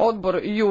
odbor ju